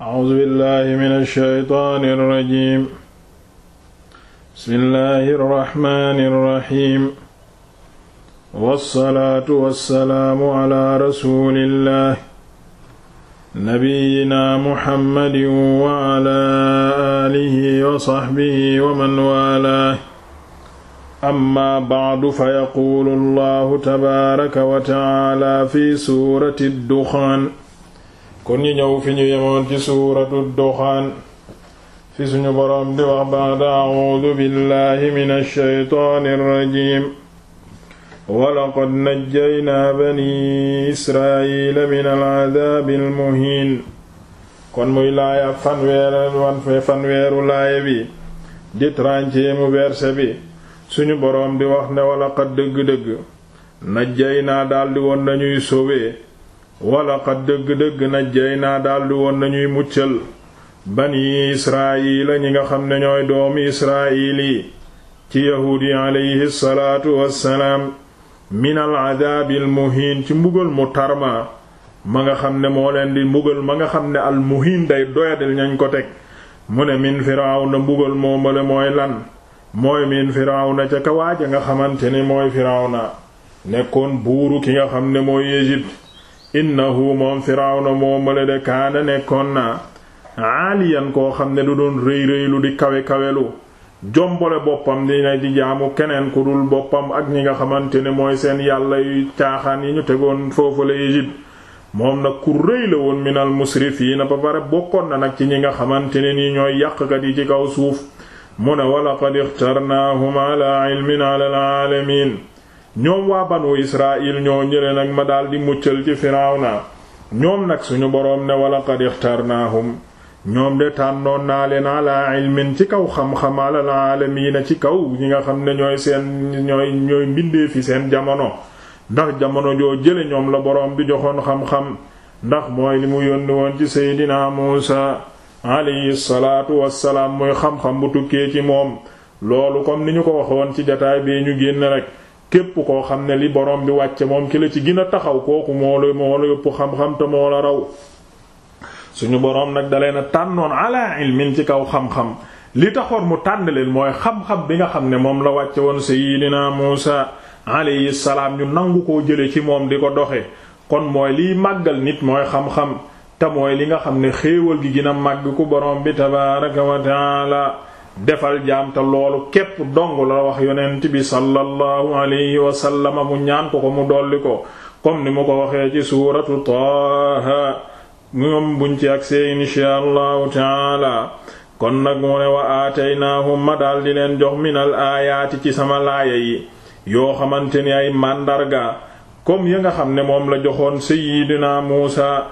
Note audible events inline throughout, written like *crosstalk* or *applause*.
A'uuzu billaahi mina shaytaani rajiim. Bismillaahi rahmaani rahiim. Wassalaatu wassalaamu alaa rasuulillaahi. Nabiyyinaa Muhammadin wa alaa aalihi wa sahbihi wa man waalaahu. Ammaa ba'du fayaquulu Allaahu tabaaraka wa ta'aalaa fi suurati Dukhaan. kon ñu ñëw fi ñu yemoon ci suuratu duxaan fi suñu boroom di wax baada audu billahi min alsheytaani irrajim walaqad najjaynaa bani israila min alcadaabi almuhiin kon muy laaya fanweer wan fanweeru laaya bi di trentième verset bi suñu boroom di wax ne walaqad dëgg-dëgg najjaynaa daldi woon nañuy sowee wala qad dëgg-dëgg najjay naa daldi woon nañuy muccal bani israila ñi nga xam ne ñooy doomi israil yi ci yahuud yi aleyhi wassalaam min al adaabi ci mbugal mu tarma ma nga xam ne moo leen di mbugal ma nga xam ne al muhiin day doyadil ñañ ko teg mu ne min firawna mbugal moomale mooy lan mooy min firawna ca kawaaja nga xamante ni mooy firawna nekkoon buuru ki nga xam ne mooy Égypte innahu moom firawna moo male de kaana nekkoon na aaliyan koo xam ne du doon rëy rëylu di kawe kawelu jombole boppam dina di jaamu keneen ku dul boppam ak ñi nga xamante ne mooy seen yàlla yu caaxaan yi ñu tegoon foofu la Égypte moom nag ku rëy la woon minal musrifiina ba pare bokkoon na nag ci ñi nga xamante ne nii ñooy yàqkat yi ci kaw suuf mu ne wala laqad ixtarnaahum ala ilmin ala alamin ñoom waa banu israil ñoo ñële nag ma daldi muccal ci firawna ñoom nag suñu boroom ne wala qad ixtarnaahum ñoom de tànnoon naa leen ala ilmin ci kaw xam-xam alal aalamiina ci kaw ñi nga xam ne ñooy seen ñooy ñooy mbindee fi seen jamono ndax jamono joo jële ñoom la boroom bi joxoon xam-xam ndax mooy li mu yónni woon ci seydinaa muusa alayhi salaatu wassalaam muy xam-xam bu tukkee ci moom loolu comme ni ñu ko waxoon ci jataay bee ñu génn rek képp koo xam ne li borom bi wàcce moom ki la ci gën a taxaw kooku moo la moo la yëpp xam-xam te moo la raw suñu borom nag da na tànnoon ala ilmin ci kaw xam-xam li taxoon mu tànn leen mooy xam-xam bi nga xam ne moom la wàcce woon sayidina Muusa alayhi salaam ñu nangu koo jële ci moom di ko doxe kon mooy liy màggal nit mooy xam-xam te mooy li nga xam ne xéewal gi gën màgg ku borom bi tabaaraka wa defal jaam loolu képp dong la wax yonent bi sallallahu alayhi wa sallam mu ñaan ko ko mu dolli ko comme ni mu ko waxee ci suuratu Taaha moom buñ ci agsee inshaa allahu taala kon nag mu ne wa aataynaahumma daal di leen jox minal aayaati ci sama laaya yi yoo xamante ni ay màndarga comme ya nga xam ne moom la joxoon sayyidina Muusa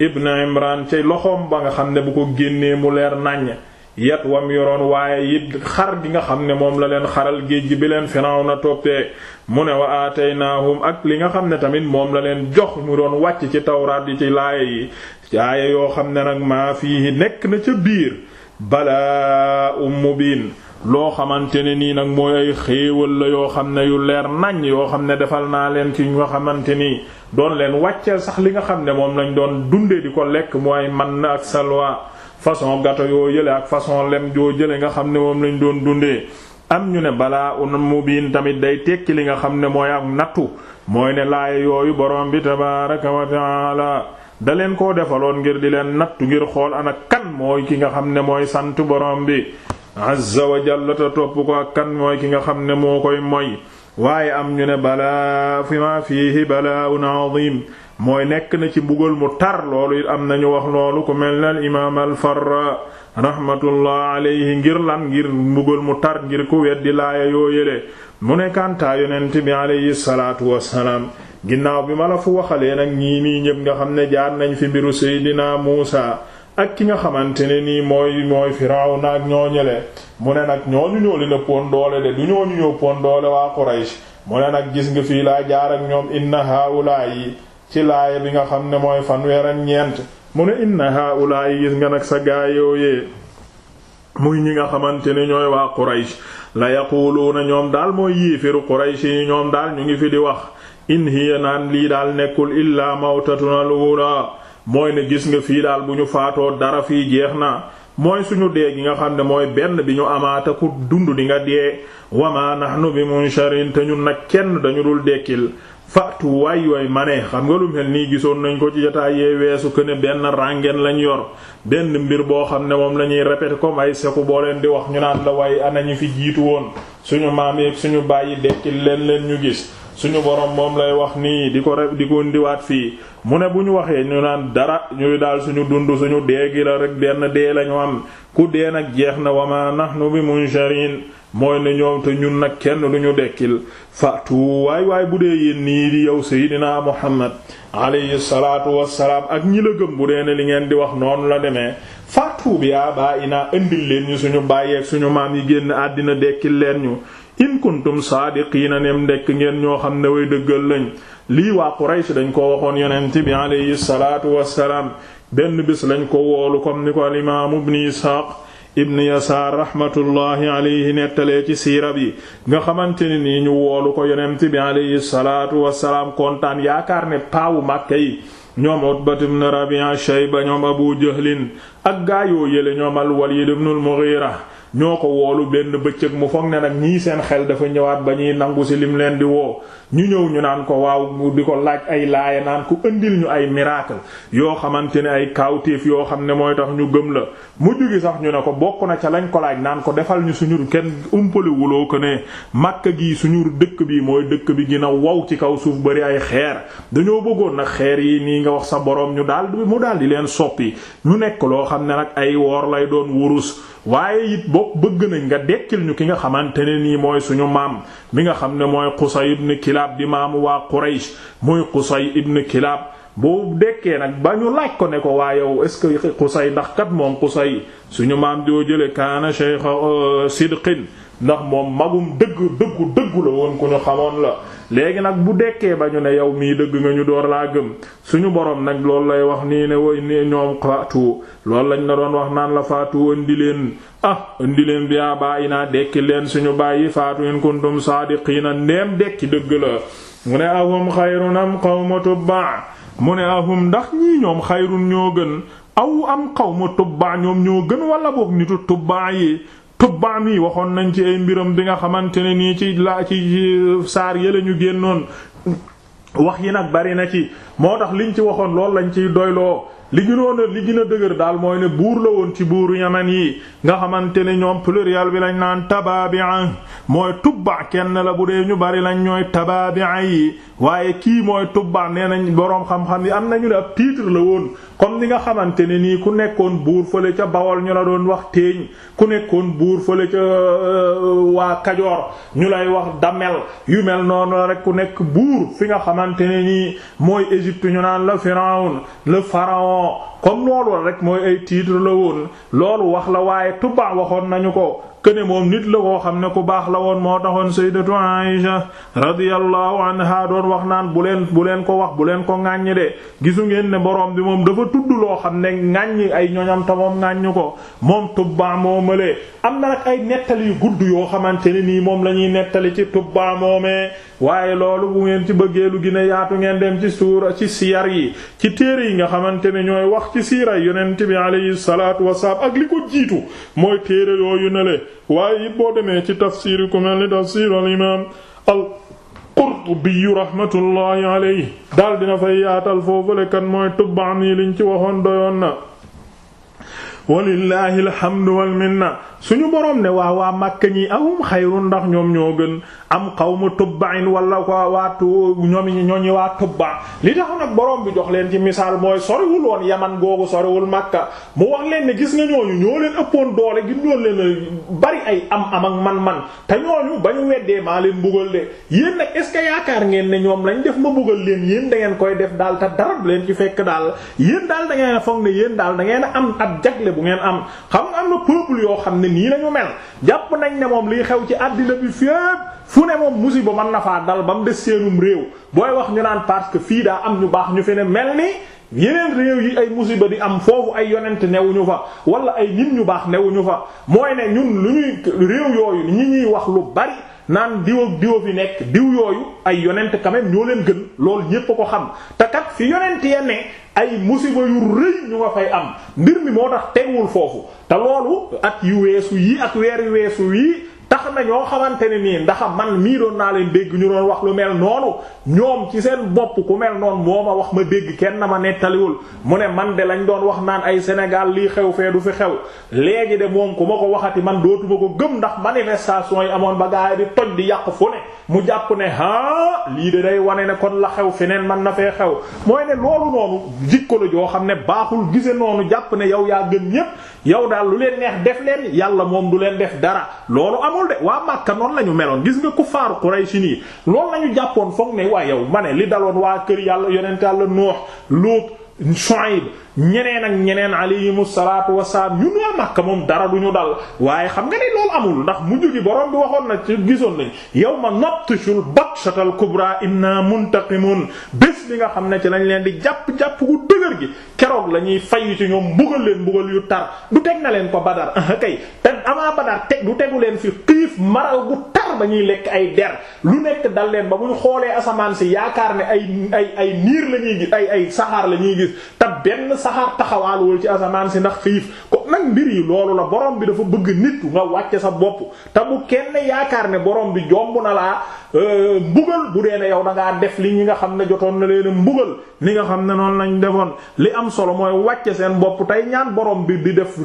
ibn Imran ca loxoom ba nga xam ne bu ko génnee mu leer nàññ yet wam yoroon waaye it xar bi nga xam ne moom la leen xaral géej gi bi leen Firawna toppee mu ne wa aataynaahum ak li nga xam ne tamit moom la leen jox mu doon wàcc ci tawraat yi ci laaya yi laaya yoo xam ne nag maa fii nekk na ca biir balaa um biin loo xamante ne nii nag mooy ay xéewal la yoo xam ne yu leer nañ yoo xam ne defal naa leen ci ñoo xamante nii doon leen wàcceel sax li nga xam ne moom lañ doon dunde di ko lekk mooy man na ak salwa façon gato yoo yële ak façon lem joo jële nga xam ne moom lañu doon dundee am ñu ne balaa un mubiin tamit day tekki li nga xam ne mooy ak nattu mooy ne laaya yooyu boroom bi tabaaraka wa taala da leen koo defaloon ngir di leen nattu ngir xool ana kan mooy ki nga xam ne mooy sant borom bi azza wa jalla ta topp ko ak kan mooy ki nga xam ne moo koy moy waaye am ñu ne balaa fi ma fiihi balaa un azim mooy nekk na ci mbugal mu tar loolu it am ñu wax loolu ku mel ne imaam al-Farra rahmatullah ngir lan ngir mbugal mu tar ngir ku weddi laaya yoo yële mu ne kantaa yonent bi alayhi salaatu wassalaam ginnaaw bi ma la fu waxalee nag ñii nii ñëpp nga xam ne jaar nañ fi mbiru Seydina Muusa ak ki nga xamante ne nii mooy mooy Firawna ak ñooñele mu ne nag ñooñu ñoo leen ëppoon doole de du ñooñu ñoo ëppoon doole waa Quraysh mu ne nag gis nga fii laa ñoom inna haawulaa yi ci laaya bi nga xam ne mooy fanweer ak ñeent mu ne inna haula yi gis nga nag sa gaayooyee muy ñi nga xamante ne ñooy waa Quraysh la yaquluuna ñoom daal mooy yiifiru Quraysh yi ñoom daal ñu ngi fi di wax in hiya naan lii daal nekkul illaa mawtatuna lula mooy ne gis nga fii daal bu ñu faatoo dara fii jeex na mooy suñu dee gi nga xam ne mooy benn bi ñu amaata ku dund di nga dee wama nahnu bi munsharin te ñun nag kenn dañu dul dekkil waxtu waay yooyu ma xam nga lu mel nii gisoon nañ ko ci jotaay yee weesu que ne benn ràngeen lañ yor benn mbir boo xam ne moom la ñuy répéter comme ay seku boo leen di wax ñu naan la waaye ana ñu fi jiitu woon suñu maam yeeg suñu bàyyi dekkil leen leen ñu gis. suñu borom moom lay wax nii di ko di ko ndiwaat fii mu ne bu ñu waxee ñu naan dara ñuy daal suñu dund suñu dee gi la rek benn dee lañu am ku dee nag jeex na wama nahnu bi munsharin mooy ne ñoom te ñun nag kenn du ñu dekkil fatu waay waay bu dee yéen nii di yow seydinaa muhammad alayhi salaatu wassalaam ak ñila la bu dee ne li ngeen di wax noonu la demee fatu bi yaa baa indil leen ñu suñu bàyyeek suñu maam yi génn àddina dekkil leen ñu in kuntum saadiqiina nem ndekk ngeen ñoo xam ne way dëggal lañ lii waa Quraysh dañ ko waxoon yonent bi alayhi salaatu benn bés lañ ko woolu comme ni ko al imaam ibn Isxaaq ibn Yasaar rahmatullahi alayhi nettalee ci siira bi nga xamante ne nii ñu woolu ko yonent bi alayhi salaatu kontaan yaakaar ne paawu Màkka yi ñoom Utbat ibn Rabi'a Shayba ñoom Abu Jahlin ak gaayoo yële ñoom al Walid ibn al ñoo ko woolu benn bëccëg mu foog ne nag ñii seen xel dafa ñëwaat ba ñuy nangu si lim leen di woo ñu ñëw ñu naan ko waaw di ko laaj ay laaya naan ku indil ñu ay miracle yoo xamante ne ay kawtéef yoo xam ne mooy tax ñu gëm la mu gi sax ñu ne ko bokk na ca lañ ko laaj naan ko defal ñu suñu kenn umpale ko ne màkk gi suñu dëkk bi mooy dëkk bi gina wow ci kaw suuf bari ay xeer dañoo bëggoon nag xeer yi nii nga wax sa boroom ñu daal mu daal di leen soppi ñu nekk loo xam ne nag ay woor lay doon wurus boog bëgg nañ nga dekkil ñu ki nga xamante ne nii mooy suñu maam mi nga xam ne mooy Qusay ibn Kilaab di maamu waa Quraysh mooy Qusay ibn Kilaab boo dekkee nag ba ñu laaj ko ne ko waa yow est-ce que Qusay ndax kat moom Qusay suñu maam joo jële kaana shaykh euh, sidqin ndax moom magum dëgg dëggu dëggu la woon ku ñu xamoon la léegi nag bu dekkee ba ñu ne yow mii dëgg nga ñu door laa gëm suñu boroom nag loolu lay wax nii ne woy ni ñoom faatu loolu lañ na doon wax naan la faatu indi leen ah indi leen bi bàyyi naa dekki leen suñu bàyyi faatu in kuntum saadiqiina ndeem dekki dëgg la mu ne ahum xayrun am qawma tubba mu ne ahum ndax ñoom xayrun ñoo gën aw am xaw qawma tubba ñoom ñoo gën wala boog nitu tubba yi tubbaam yi waxoon nañ ci ay mbiram bi nga xamante ne nii ci laa ci saar yële ñu génnoon wax yi nag bari na ci moo tax liñ ci waxoon loolu lañ ciy doyloo li gënoon a li gën a dëgër daal mooy ne buur la woon ci buuru yaman yi nga xamante ne ñoom pluriel bi lañ naan tababi'a mooy tubba kenn la bu dee ñu bari lañ ñooy tababi'a yi waaye kii mooy tubba nee nañ boroom xam-xam yi am nañu ne ab titre la woon comme ni nga xamante ne nii ku nekkoon buur fële ca Bawol ñu la doon wax teeñ ku nekkoon buur fële ca euh, waa Kajoor ñu lay wax damel yu mel noonu rek ku nekk buur fi nga xamante Égypte ñu naan la Pharaon le pharaon comme loolu la rek mooy ay titre la woon loolu wax la waaye tuba waxoon nañu ko këne moom nit la koo xam ne ku baax la woon moo taxoon sayyidatu Aisha radiyallahu anha doon wax naan bu leen bu leen ko wax bu leen ko ŋàññ de gisu ngeen ne borom bi moom dafa tudd loo xam ne ŋàññ ay ñoñam ta moom ŋàññ ko moom tubba moomalee am na nag ay nettali yu gudd yoo xamante ne nii moom la ñuy nettali ci tubba moomee waaye loolu bu ngeen ci bëggee lu gën yaatu ngeen dem ci suura ci siyar yi ci téere yi nga xamante ne ñooy wax ci siira yonent bi alayhi salaatu wasalaam ak li ko jiitu mooy téere yooyu ne le waaye it boo demee ci tafsir ku mel ni tafsir al imam al qurtubi rahmatullahi alayhi daal dina fay yaatal foofule kan mooy tubbaan yi liñ ci waxoon doyoon na walillahi alhamdu wal minna suñu boroom ne waa waa Makka ñi ahum xayrun ndax ñoom ñoo gën am qawmu tubba'in wala ko waa ñoom ñoo ñooñi waa tubba li tax nag boroom bi jox leen ci misaal mooy soriwul woon yaman googu soriwul Makka mu wax leen ne gis nga ñooñu ñoo leen ëppoon doole gi ñoo leen bari ay am am ak man-man te ñooñu ba ñu weddee maa leen mbugal de yéen nag est ce que yaakaar ngeen ne ñoom lañ def ma mbugal leen yéen da ngeen koy def daal te darab leen ci fekk daal yéen daal da ngeen a yéen daal da ngeen am ab jagle bu ngeen am xam am na peuple yoo xam ne nii lañu mel jàpp nañ ne moom liy xew ci àddina bi fépp fu ne moom musiba mën na faa dal ba mu des seenum réew booy wax ñu naan parce que fii daa am ñu baax ñu fi ne mel ni yeneen réew yi ay musiba di am foofu ay yonent newuñu fa wala ay nit ñu baax newuñu fa mooy ne ñun lu ñuy réew yooyu ñu ñuy wax lu bari naan diw ak diw nekk diw yooyu ay yonent quand même ñoo leen gën loolu ñépp a ko xam te kat fi yonent ya ne ay musiba yu rëy ñu nga fay am mbir mi moo tax teguwul foofu te loolu at yu weesu yi ak weer yu weesu yii tax na ñoo xamante ne nii ndax man mii doon naa leen dégg ñu doon wax lu mel noonu ñoom ci seen bopp ku mel noonu moo ma wax ma dégg kenn ma nettaliwul mu ne man de lañ doon wax naan ay Sénégal lii xew fee du fi xew léegi de moom ku ma ko waxati man dootuma ko gëm ndax manifestation yi amoon ba gaay di toj di yàq fu ne mu jàpp ne ah lii de day wane ne kon la xew feneen man na fee xew mooy ne loolu noonu jikko la joo xam ne baaxul gise noonu jàpp ne yow yaa gën ñépp yow daal lu leen neex yàlla moom du leen def dara lool de waa Makka noonu la ñu meloon gis nga kuffaaru Quraysh nii loolu la ñu jàppoon foog ne waa yow ma ne li daloon waa kër yàlla yonent yàlla Nuux Luut Shuayb ñeneen ak ñeneen alayhimu salaatu wasalaam ñun waa Makka moom dara du ñu dal waaye xam nga ne loolu amul ndax mujj gi borom bi waxoon na ci gisoon nañ yawma nattishul batshatal kubra inna muntaqimun bés bi nga xam ne ci lañ leen di jàpp jàpp gu kër gi keroog la ñuy fay ci ñoom mbugal leen mbugal yu tar du teg na leen ko badar *laughs* kay te amaa badar teg du tegu leen fi xiif maral gu tar ba ñuy lekk ay der lu nekk dal leen ba mu ñu xoolee asamaan si yaakaar ne ay ay ay niir la ñuy gis ay ay saxaar la ñuy gis te benn saxaar taxawaaluwul ci asamaan si ndax xiif bopp nag mbir yi loolu la boroom bi dafa bëgg nit nga wàcce sa bopp te bu kenn yaakaar ne boroom bi jomb na laa euh, mbugal bu dee ne yow da def li ñi nga xam ne jotoon na leen mbugal li nga xam ne noonu lañ defoon li am solo mooy wàcce seen bopp tey ñaan boroom bi di def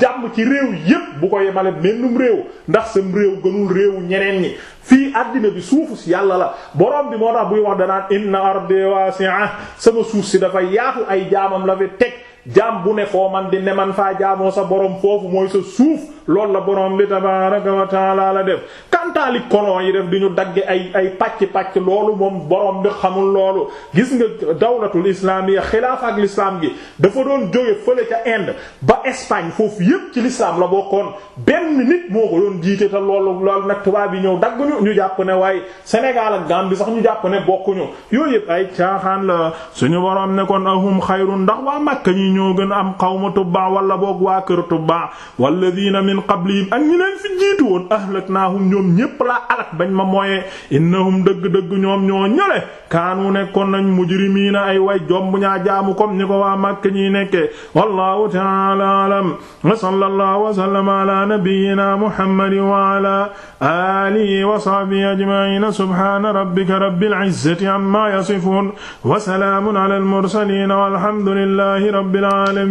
jàmm ci réew yépp bu ko yemale mennum réew ndax sam réew gënul réewu ñeneen ñi fii àddina bi suufu si yàlla la borom bi moo tax buy wax danaan inna ardi wasi'a sama suuf si dafa yaatu ay jaamam la jaam bu ne foo man di ne man faa jaamoo sa borom foofu mooy sa suuf loolu la borom bi tabaaraka wa taala la def kantaali colon yi def di ñu dagge ay ay pàcc pàcc loolu moom borom bi xamul loolu gis nga dawlatul islamiya xilaaf ak l'islam gi dafa doon jóge fële ca Inde ba Espagne foofu yépp ci l'islam la bokkoon benn nit moo ko doon jiite te loolu loolu nag tubaab yi ñëw dagg ñu ñu jàpp ne waaye Sénégal ak Gambie sax ñu jàpp ne bokkuñu yooyu yépp ay caaxaan la suñu borom ne kon ahum xayrun ndax waa Makka ñi ñoo gën a am qawmu tubba wala boog waa kër tubba min qablihim ak ñi leen fi jiitu woon ahlaknaahum ñoom ñépp laa alak bañ ma mooyee innahum dëgg-dëgg ñoom ñoo ñële kaanu nekkoon nañ mujrimiina ay way jomb ñaa jaamu comme ni ko waa màkk ñi nekke wallahu ta'ala alam wa sallallahu wa sallama ala nabiyyina muhammadin wa ala alihi wa sahbihi ajma'in subhana rabbika rabbil izzati amma yasifun wa salamun ala al mursalin walhamdulillahi rabbil alamin